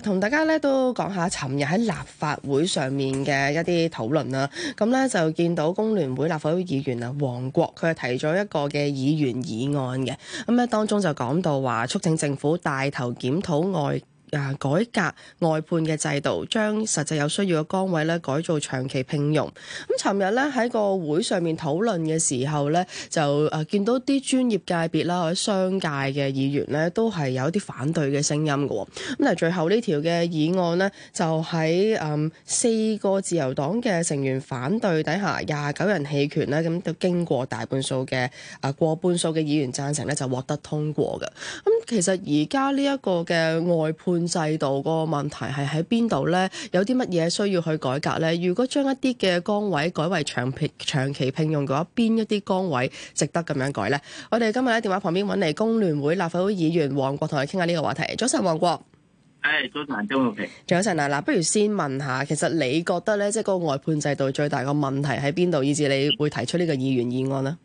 同大家咧都講下，尋日喺立法會上面嘅一啲討論啦。咁咧就見到工聯會立法會議員啊，黃國佢係提咗一個嘅議員議案嘅。咁咧當中就講到話，促請政府帶頭檢討外改革外判嘅制度，將實際有需要嘅崗位咧改做長期聘用。咁尋日咧喺個會上面討論嘅時候咧，就誒見到啲專業界別啦，或者商界嘅議員咧，都係有一啲反對嘅聲音㗎。咁但係最後呢條嘅議案呢，就喺誒四個自由黨嘅成員反對底下，廿九人棄權呢，咁都經過大半數嘅啊過半數嘅議員贊成呢，就獲得通過嘅。咁其實而家呢一個嘅外判。制度個問題係喺邊度咧？有啲乜嘢需要去改革咧？如果將一啲嘅崗位改為長聘長期聘用嘅話，邊一啲崗位值得咁樣改咧？我哋今日喺電話旁邊揾嚟工聯會立法會議員黃國同佢傾下呢個話題。早晨，黃國。誒、hey，早晨，周浩平。早晨啊，嗱，不如先問下，其實你覺得咧，即係嗰個外判制度最大個問題喺邊度，以至你會提出呢個議員議案呢？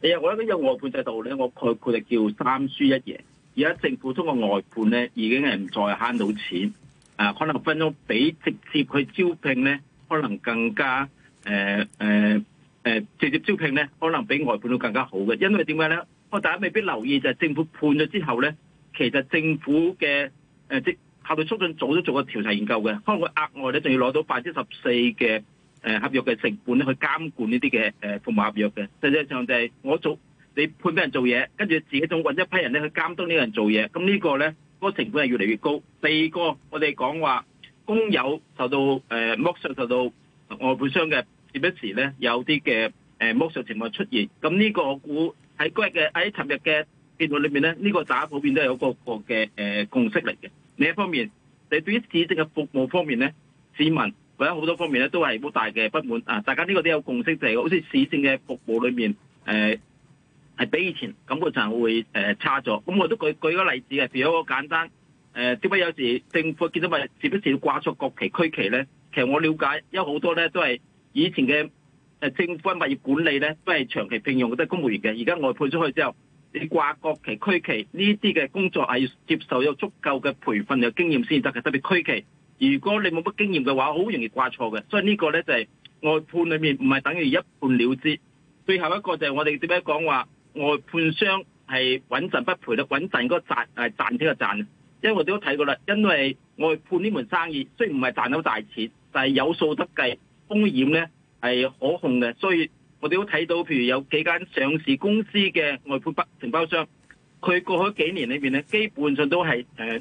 誒呀、嗯，我咧呢個外判制度咧，我概括係叫三輸一贏。嗯嗯而家政府通過外判咧，已經係唔再慳到錢，啊，可能分咗比直接去招聘咧，可能更加誒誒誒直接招聘咧，可能比外判都更加好嘅，因為點解咧？我大家未必留意就係政府判咗之後咧，其實政府嘅誒、啊、即係效率促進組都做過調查研究嘅，可能佢額外咧仲要攞到百分之十四嘅誒合約嘅成本去監管呢啲嘅誒服務合約嘅，實際上就係我做。你判俾人做嘢，跟住自己仲揾一批人咧去監督呢個人做嘢，咁呢個咧嗰個成本係越嚟越高。第二個，我哋講話工友受到誒、呃、剝削，受到外判商嘅，是不是咧有啲嘅誒剝削情況出現？咁呢個我估喺今日嘅喺尋日嘅見面裏面咧，呢、呢個大家普遍都有個個嘅誒、呃、共識嚟嘅。另一方面，你對於市政嘅服務方面咧，市民或者好多方面咧都係好大嘅不滿啊！大家呢個都有共識，就係、係、好似市政嘅服務裏面誒。呃係比以前感覺上會誒差咗，咁我都舉舉個例子嘅，譬如一個簡單誒，點解有時政府見到物業時不時要掛錯國旗、區旗咧？其實我了解，因為好多咧都係以前嘅政府嘅物業管理咧，都係長期聘用都係公務員嘅，而家外判咗去之後，你掛國旗、區旗呢啲嘅工作係要接受有足夠嘅培訓有經驗先得嘅，特別區旗，如果你冇乜經驗嘅話，好容易掛錯嘅，所以呢個咧就係外判裏面唔係等於一判了之。最後一個就係我哋點解講話。外判商係穩陣不賠啦，穩陣嗰個賺係賺啲嘅賺啊，因為我哋都睇過啦，因為外判呢門生意雖然唔係賺到大錢，但係有數得計，風險咧係可控嘅，所以我哋都睇到，譬如有幾間上市公司嘅外判包承包商，佢過去幾年裏面咧，基本上都係誒、呃、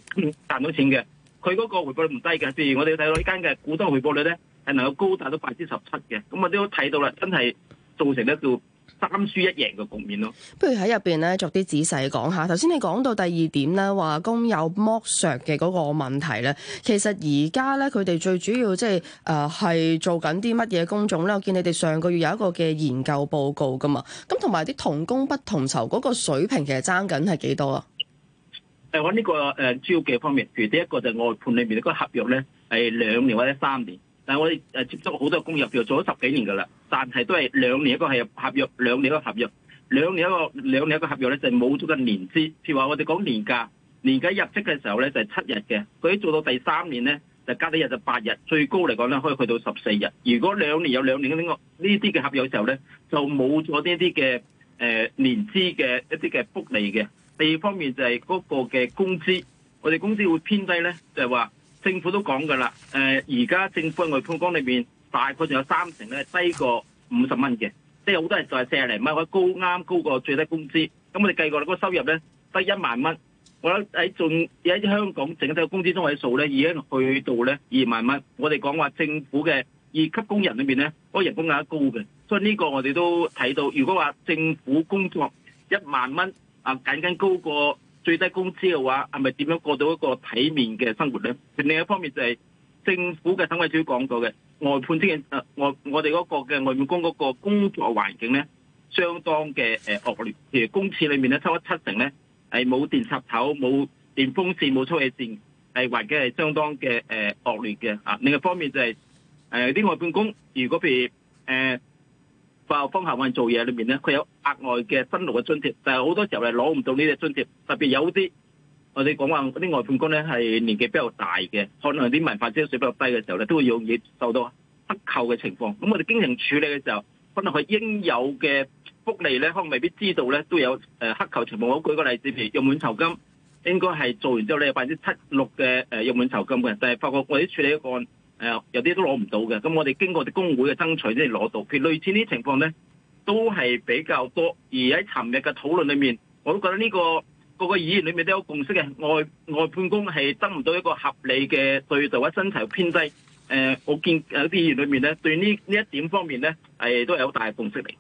賺到錢嘅，佢嗰個回報率唔低嘅，譬如我哋睇到呢間嘅股東回報率咧係能夠高達到百分之十七嘅，咁我哋都睇到啦，真係造成一個。三輸一贏嘅局面咯，不如喺入邊咧作啲仔細講下。頭先你講到第二點咧，話工友剝削嘅嗰個問題咧，其實而家咧佢哋最主要即係誒係做緊啲乜嘢工種咧？我見你哋上個月有一個嘅研究報告噶嘛，咁同埋啲同工不同酬嗰個水平其實爭緊係幾多啊？誒、啊，我、這、呢個誒，主要嘅方面，譬如呢一個就外判裏面嗰個合約咧係兩年或者三年，但係我哋誒接觸好多工友做咗十幾年噶啦。但係都係兩年一個係合約，兩年一個合約，兩年一個兩年一個合約咧就冇咗個年資，譬如話我哋講年假，年假入職嘅時候咧就係七日嘅，佢做到第三年咧就加咗日就八日，最高嚟講咧可以去到十四日。如果兩年有兩年呢個呢啲嘅合約時候咧就冇咗呢啲嘅誒年資嘅一啲嘅福利嘅。第二方面就係嗰個嘅工資，我哋工資會偏低咧，就係話政府都講㗎喇，誒而家政府嘅外判工裏面。大概仲有三成咧低過五十蚊嘅，即係好多人就係四十零蚊，或者高啱高過最低工資。咁我哋計過啦，嗰個收入咧低一萬蚊。我諗喺仲喺香港整體嘅工資中位數咧已經去到咧二萬蚊。我哋講話政府嘅二級工人裏面咧嗰人工係高嘅，所以呢個我哋都睇到。如果話政府工作一萬蚊啊，僅僅高過最低工資嘅話，係咪點樣過到一個體面嘅生活咧？另一方面就係政府嘅審委會講過嘅。外判啲嘅，誒、啊、我哋嗰、那個嘅外判工嗰個工作環境呢，相當嘅誒、呃、惡劣。公廁裏面咧，抽咗七成呢係冇電插頭、冇電風扇、冇抽氣扇，係環境係相當嘅誒、呃、惡劣嘅、啊、另一方面就係、是、啲、呃、外判工，如果譬如誒化學風行運做嘢裏面呢，佢有額外嘅新路嘅津貼，但係好多時候係攞唔到呢隻津貼，特別有啲。我哋講話嗰啲外判工咧係年紀比較大嘅，可能啲文化知識比較低嘅時候咧，都會容易受到克扣嘅情況。咁我哋經常處理嘅時候，可能佢應有嘅福利咧，可能未必知道咧，都有克扣情況。我舉個例子，譬如約滿酬金，應該係做完之後咧有百分之七六嘅誒約滿酬金嘅，但係發覺我哋處理一個案有啲都攞唔到嘅。咁我哋經過我哋工會嘅爭取先攞到。譬如類似呢啲情況咧，都係比較多。而喺尋日嘅討論裡面，我都覺得呢個。個議員裏面都有共識嘅，外外判工係得唔到一個合理嘅對待或者薪酬偏低。誒、呃，我見有啲議員裏面咧，對呢呢一點方面咧。係都係好大嘅貢獻嚟嘅。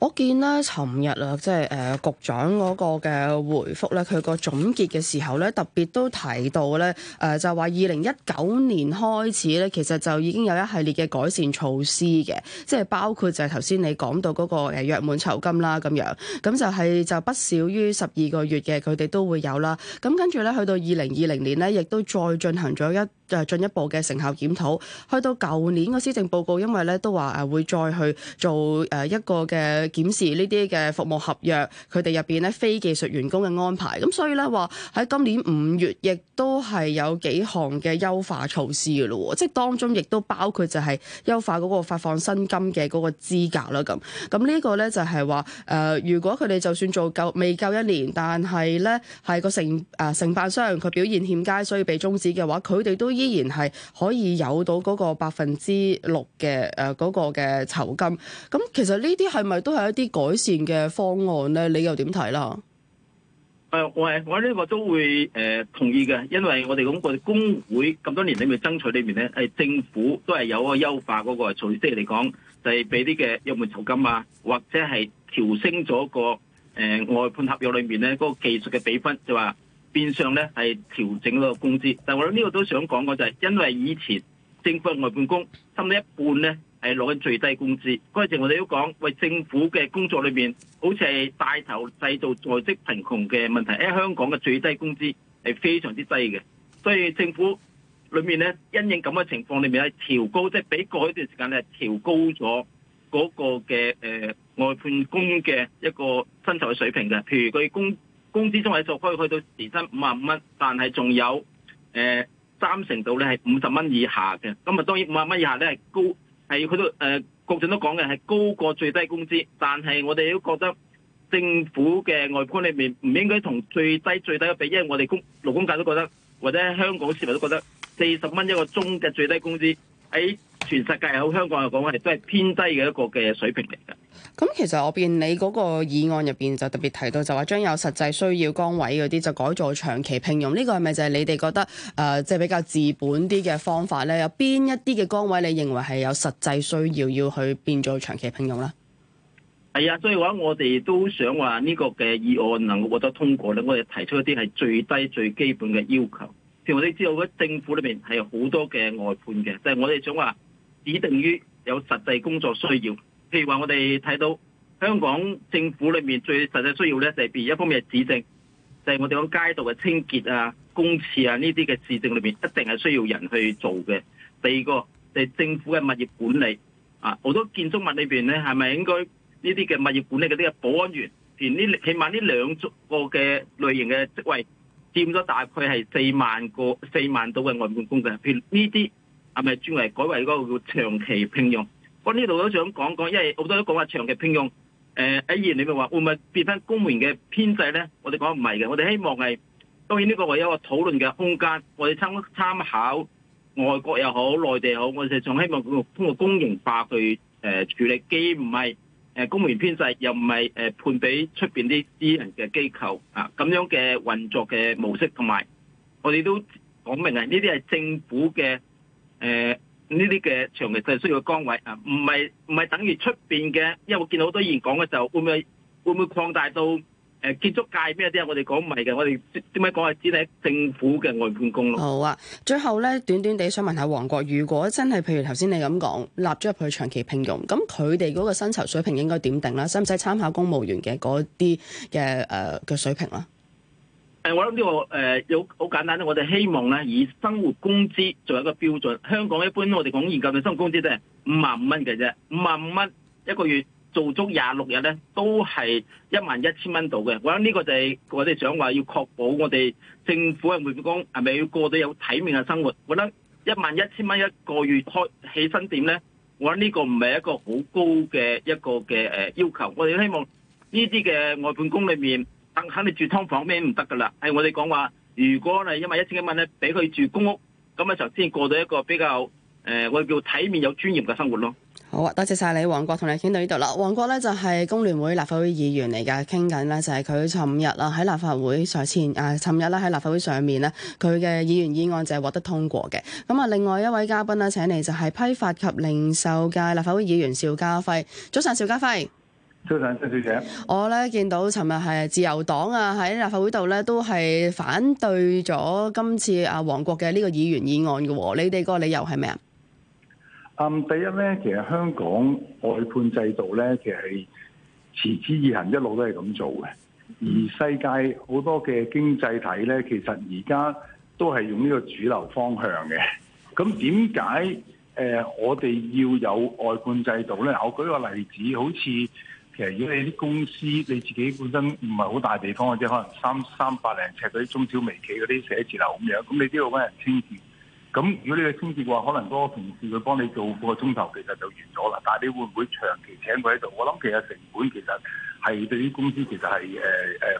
我見咧，尋日啊，即係誒局長嗰個嘅回覆咧，佢個總結嘅時候咧，特別都提到咧，誒、呃、就話二零一九年開始咧，其實就已經有一系列嘅改善措施嘅，即係包括就係頭先你講到嗰個誒約滿酬金啦咁樣，咁就係、是、就不少於十二個月嘅，佢哋都會有啦。咁跟住咧，去到二零二零年呢，亦都再進行咗一誒進一步嘅成效檢討。去到舊年個施政報告，因為咧都話誒會再去。做誒一個嘅檢視，呢啲嘅服務合約，佢哋入邊咧非技術員工嘅安排，咁所以咧話喺今年五月亦都係有幾項嘅優化措施嘅咯，即係當中亦都包括就係優化嗰個發放薪金嘅嗰個資格啦。咁咁呢一個咧就係話誒，如果佢哋就算做夠未夠一年，但係咧係個承誒、呃、承辦商佢表現欠佳，所以被終止嘅話，佢哋都依然係可以有到嗰個百分之六嘅誒嗰個嘅酬金。咁其實呢啲係咪都係一啲改善嘅方案咧？你又點睇啦？誒，我係我呢個都會誒、呃、同意嘅，因為我哋講過工會咁多年裏面爭取裏面咧，誒政府都係有一個優化嗰個措施嚟講，就係俾啲嘅約滿酬金啊，或者係調升咗個誒、呃、外判合約裏面咧嗰、那個技術嘅比分，就話變相咧係調整咗個工資。但係我諗呢個都想講嘅就係、是，因為以前政府外判工差唔多一半咧。係攞緊最低工資嗰陣時我哋都講，為政府嘅工作裏面，好似係帶頭製造在職貧窮嘅問題。香港嘅最低工資係非常之低嘅，所以政府裏面咧，因應咁嘅情況裏面咧，調高即係、就是、比過一段時間咧，調高咗嗰個嘅誒、呃、外判工嘅一個薪酬嘅水平嘅。譬如佢工工資中位數可以去到時薪五萬蚊，但係仲有誒、呃、三成度咧係五十蚊以下嘅。咁啊當然五萬蚊以下咧係高。係佢都誒，局長都講嘅係高過最低工資，但係我哋都覺得政府嘅外判裏面唔應該同最低最低嘅比，因為我哋工勞工界都覺得，或者香港市民都覺得，四十蚊一個鐘嘅最低工資喺全世界好，香港嚟講係都係偏低嘅一個嘅水平嚟嘅。咁其實我變你嗰個議案入邊就特別提到，就話將有實際需要崗位嗰啲就改做長期聘用，呢、這個係咪就係你哋覺得誒即係比較治本啲嘅方法咧？有邊一啲嘅崗位你認為係有實際需要要去變做長期聘用咧？係啊，所以話我哋都想話呢個嘅議案能夠獲得通過咧，我哋提出一啲係最低最基本嘅要求。譬如我哋知道政府裏邊係好多嘅外判嘅，就係、是、我哋想話指定於有實際工作需要。譬如話我哋睇到香港政府裏面最實際需要咧，就係譬如一方面係市政，就係、是、我哋講街道嘅清潔啊、公廁啊呢啲嘅市政裏邊一定係需要人去做嘅。第二個就係、是、政府嘅物業管理啊，好多建築物裏邊咧係咪應該呢啲嘅物業管理啲嘅保安員，譬如呢起碼呢兩個嘅類型嘅職位，佔咗大概係四萬個四萬到嘅外判工仔，譬如呢啲係咪轉為改為嗰個叫長期聘用？我呢度都想講講，因為好多都講話長期聘用，誒喺議員裏面話會唔會變翻公務員嘅編制咧？我哋講唔係嘅，我哋希望係當然呢個唯有一個討論嘅空間，我哋參參考外國又好，內地又好，我哋仲希望通過公營化去誒處理，既唔係誒公務員編制，又唔係誒判俾出邊啲私人嘅機構啊咁樣嘅運作嘅模式，同埋我哋都講明啊，呢啲係政府嘅誒。呃呢啲嘅長期制需要嘅崗位啊，唔係唔係等於出邊嘅，因為我見到好多議員講嘅時候會唔會會唔會擴大到誒建築界咩啲啊？我哋講唔係嘅，我哋點解講係只係政府嘅外判工咯？好啊，最後咧，短短地想問下黃國，如果真係譬如頭先你咁講納咗入去長期聘用，咁佢哋嗰個薪酬水平應該點定啦？使唔使參考公務員嘅嗰啲嘅誒嘅水平啦？誒、這個呃，我諗呢個誒有好簡單咧，我哋希望咧以生活工資作為一個標準。香港一般我哋講研究嘅生活工資都係五萬五蚊嘅啫，五萬五蚊一個月做足廿六日咧，都係一萬一千蚊度嘅。我諗呢個就係我哋想話要確保我哋政府嘅外判工係咪要過到有體面嘅生活？我覺得一萬一千蚊一個月開起身點咧？我諗呢個唔係一個好高嘅一個嘅誒要求。我哋希望呢啲嘅外判工裏面。肯你住劏房咩唔得噶啦？係我哋講話，如果你因為一千幾蚊咧，俾佢住公屋，咁啊就先過到一個比較誒、呃，我哋叫體面有尊嚴嘅生活咯。好啊，多謝晒你，黃國同你傾到呢度啦。黃國咧就係、是、工聯會立法會議員嚟㗎。傾緊啦就係佢尋日啦喺立法會上前尋日啦喺立法會上面咧，佢嘅議員議案就係獲得通過嘅。咁啊，另外一位嘉賓咧請嚟就係批發及零售界立法會議員邵家輝。早晨，邵家輝。早上，小姐，我咧見到尋日係自由黨啊，喺立法會度咧都係反對咗今次啊黃國嘅呢個議員議案嘅。你哋個理由係咩啊？嗯，第一咧，其實香港外判制度咧，其實係持之以恒一路都係咁做嘅。而世界好多嘅經濟體咧，其實而家都係用呢個主流方向嘅。咁點解誒，我哋要有外判制度咧？我舉個例子，好似。其實如果你啲公司你自己本身唔係好大地方，或者可能三三百零尺嗰啲，中小微企嗰啲寫字樓咁樣，咁你都要揾人清潔。咁如果你去清潔嘅話，可能個同事佢幫你做個鐘頭，其實就完咗啦。但係你會唔會長期請佢喺度？我諗其實成本其實係對於公司其實係誒誒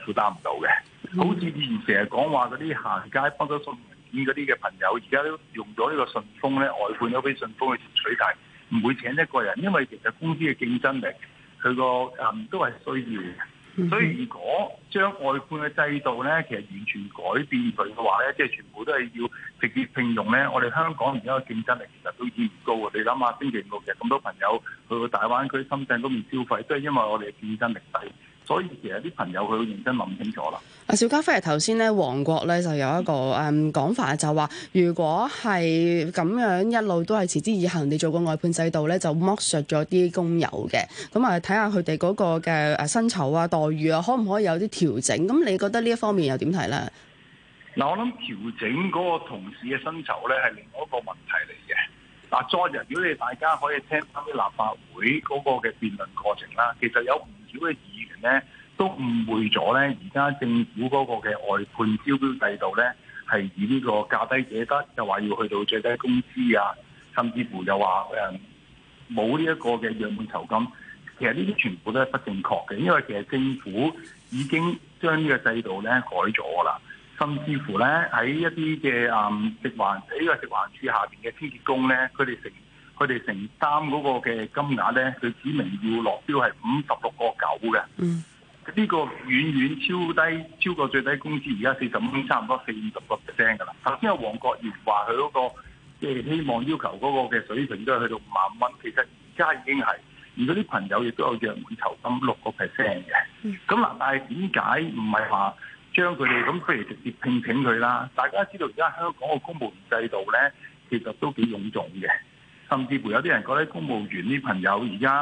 負擔唔到嘅。好似以前成日講話嗰啲行街幫手送文件嗰啲嘅朋友，而家都用咗呢個順豐咧，外判咗俾順豐去取遞，唔會請一個人，因為其實公司嘅競爭力。佢個誒都係需要嘅，所以如果將外判嘅制度咧，其實完全改變佢嘅話咧，即係全部都係要直接聘用咧，我哋香港而家嘅競爭力其實都已經唔高。你諗下星期六其實咁多朋友去到大灣區、深圳嗰邊消費，都係因為我哋嘅競爭力低。所以其實啲朋友佢認真諗清楚啦。阿邵家輝，頭先咧，黃國咧就有一個誒、嗯、講法就，就話如果係咁樣一路都係持之以恒地做個外判制度咧，就剝削咗啲工友嘅。咁啊，睇下佢哋嗰個嘅薪酬啊、待遇啊，可唔可以有啲調整？咁你覺得呢一方面又點睇咧？嗱，我諗調整嗰個同事嘅薪酬咧，係另一個問題嚟嘅。嗱、啊，昨日如果你大家可以聽翻啲立法會嗰個嘅辯論過程啦，其實有。如果議員咧都誤會咗咧，而家政府嗰個嘅外判招標制度咧係以呢個價低者得，就話要去到最低工資啊，甚至乎就話誒冇呢一個嘅樣本酬金。其實呢啲全部都係不正確嘅，因為其實政府已經將呢個制度咧改咗啦，甚至乎咧喺一啲嘅誒食環喺呢個食環署下邊嘅清潔工咧，佢哋成佢哋承擔嗰個嘅金額咧，佢指明要落標係五十六個九嘅。嗯，呢個遠遠超低，超過最低的工資而家四十五，差唔多四十個 percent 噶啦。頭先阿黃國賢話佢嗰個，即係希望要求嗰個嘅水平都係去到五萬蚊，其實而家已經係。而嗰啲朋友亦都有約滿酬金六個 percent 嘅。嗯，咁嗱，但係點解唔係話將佢哋咁，譬如直接聘請佢啦？大家知道而家香港個公務員制度咧，其實都幾臃腫嘅。甚至乎有啲人覺得咧，公務員啲朋友而家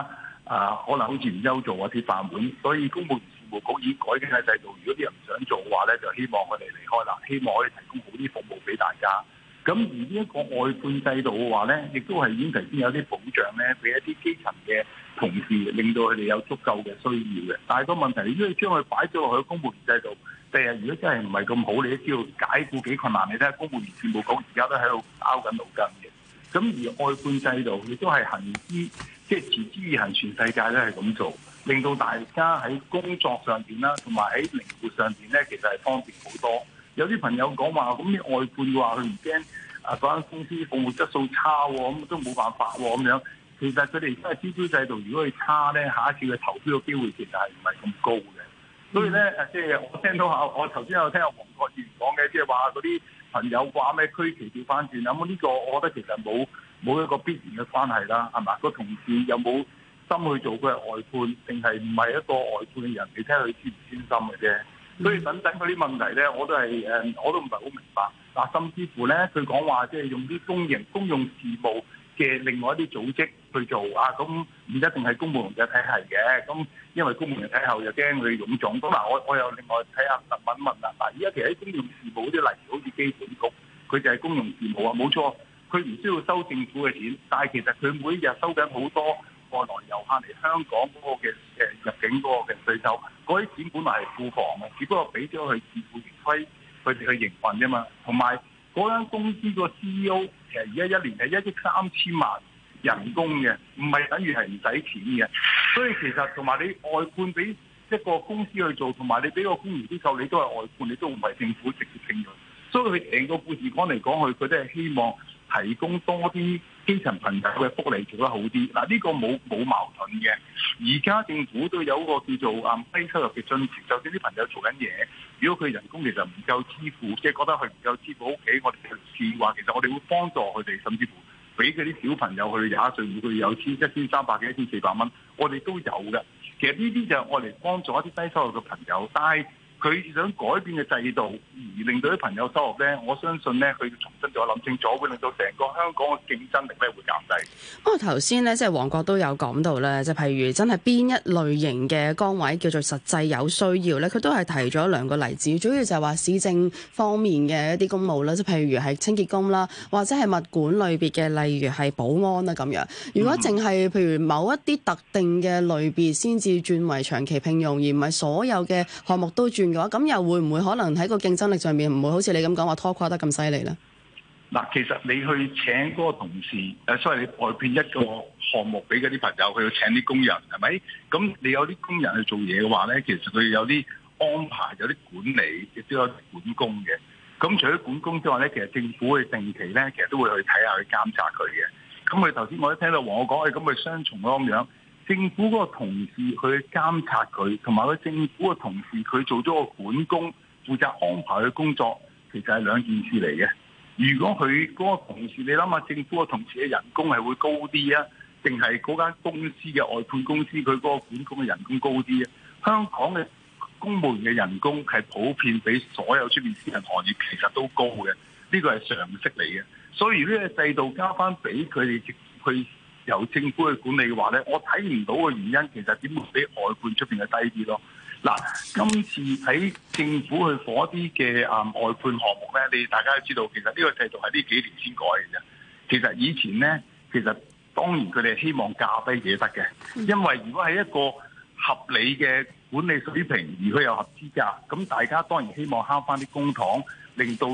啊，可能好似唔優做啊，鐵飯碗，所以公務員事務局已經改緊嘅制度。如果啲人唔想做嘅話咧，就希望佢哋離開啦，希望可以提供好啲服務俾大家。咁而呢一個外判制度嘅話咧，亦都係已經頭先有啲保障咧，俾一啲基層嘅同事，令到佢哋有足夠嘅需要嘅。但係個問題，因為你將佢擺咗落去公務員制度，第日如果真係唔係咁好，你都知道解雇幾困難。你睇公務員事務局而家都喺度拗緊腦筋嘅。咁而外判制度，亦都係行之，即係持之以恆，全世界咧係咁做，令到大家喺工作上面啦，同埋喺靈活上面咧，其實係方便好多。有啲朋友講話，咁啲外判嘅話佢唔驚啊，嗰間公司服務質素差喎，咁都冇辦法喎，咁樣。其實佢哋而家係招標制度，如果佢差咧，下一次嘅投標嘅機會其實係唔係咁高嘅。嗯、所以咧，即係我聽到我頭先有聽黃國賢講嘅，即係話嗰啲。朋友話咩區旗調翻轉，咁呢個我覺得其實冇冇一個必然嘅關係啦，係嘛？個同事有冇心去做佢係外判，定係唔係一個外判嘅人？你睇下佢專唔專心嘅啫。所以等等嗰啲問題咧，我都係誒，我都唔係好明白。嗱，甚至乎咧，佢講話即係用啲公營公用事務。嘅另外一啲組織去做啊，咁唔一定係公務員體系嘅，咁因為公務員體後又驚佢臃腫。咁嗱，我我又另外睇下問問啦。嗱，依家其實啲公用事務嗰啲例子，好似機管局，佢就係公用事務啊，冇錯，佢唔需要收政府嘅錢，但係其實佢每日收緊好多外來遊客嚟香港嗰個嘅誒入境嗰個嘅稅收，嗰啲錢本來係庫房嘅，只不過俾咗佢自負盈虧，佢哋去營運啫嘛。同埋嗰間公司個 CEO。其實而家一年係一億三千萬人工嘅，唔係等於係唔使錢嘅，所以其實同埋你外判俾一個公司去做，同埋你俾個公營機構，你都係外判，你都唔係政府直接聘用，所以佢成個故事講嚟講去，佢都係希望提供多啲。基層朋友嘅福利做得好啲，嗱、這、呢個冇冇矛盾嘅。而家政府都有個叫做啊低收入嘅津貼，就算啲朋友做緊嘢，如果佢人工其實唔夠支付，即係覺得佢唔夠支付屋企，我哋就字話其實我哋會幫助佢哋，甚至乎俾佢啲小朋友去打賬，每個月有一千一千三百幾、一千四百蚊，我哋都有嘅。其實呢啲就係我哋幫助一啲低收入嘅朋友，但係佢想改變嘅制度，而令到啲朋友收入呢。我相信呢，佢重新再諗清楚，會令到成個香港嘅競爭力咧會減低。不過頭先呢，即係黃國都有講到咧，即係譬如真係邊一類型嘅崗位叫做實際有需要呢，佢都係提咗兩個例子，主要就係話市政方面嘅一啲公務啦，即係譬如係清潔工啦，或者係物管類別嘅，例如係保安啦咁樣。如果淨係譬如某一啲特定嘅類別先至轉為長期聘用，而唔係所有嘅項目都轉嘅話，咁又會唔會可能喺個競爭力上面唔會好似你咁講話拖垮得咁犀利咧？嗱，其實你去請嗰個同事，誒，所以你外邊一個項目俾嗰啲朋友佢要請啲工人，係咪？咁你有啲工人去做嘢嘅話咧，其實佢有啲安排，有啲管理亦都有管工嘅。咁除咗管工之外咧，其實政府會定期咧，其實都會去睇下去監察佢嘅。咁佢頭先我都聽到黃我講，誒咁佢雙重咁樣。政府嗰個同事去監察佢，同埋個政府嘅同事佢做咗個管工，負責安排佢工作，其實係兩件事嚟嘅。如果佢嗰個同事，你諗下，政府嘅同事嘅人工係會高啲啊，定係嗰間公司嘅外判公司佢嗰個管工嘅人工高啲啊？香港嘅公務員嘅人工係普遍比所有出面私人行業其實都高嘅，呢個係常識嚟嘅。所以呢個制度加翻俾佢哋去。由政府去管理嘅話，咧，我睇唔到嘅原因其實點會比外判出邊嘅低啲咯？嗱，今次喺政府去火啲嘅啊外判項目咧，你大家都知道，其實呢個制度係呢幾年先改嘅啫。其實以前咧，其實當然佢哋希望價低者得嘅，因為如果係一個合理嘅管理水平，而佢有合資格，咁大家當然希望慳翻啲公帑，令到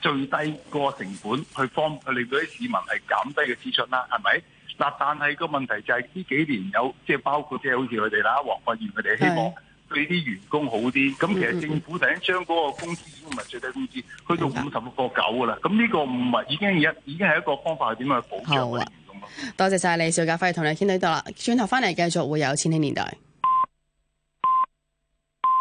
最低個成本去幫，去令到啲市民係減低嘅支出啦，係咪？嗱，但係個問題就係呢幾年有即係包括即係好似佢哋啦，黃國議員佢哋希望對啲員工好啲。咁的其實政府第一將嗰個工資已經唔係最低工資，去到五十六個九噶啦。咁呢個唔係已經已經係一個方法去點樣去補救員工咯。多謝晒，邵家輝，同你傾到呢度啦，轉頭翻嚟繼續會有千禧年代。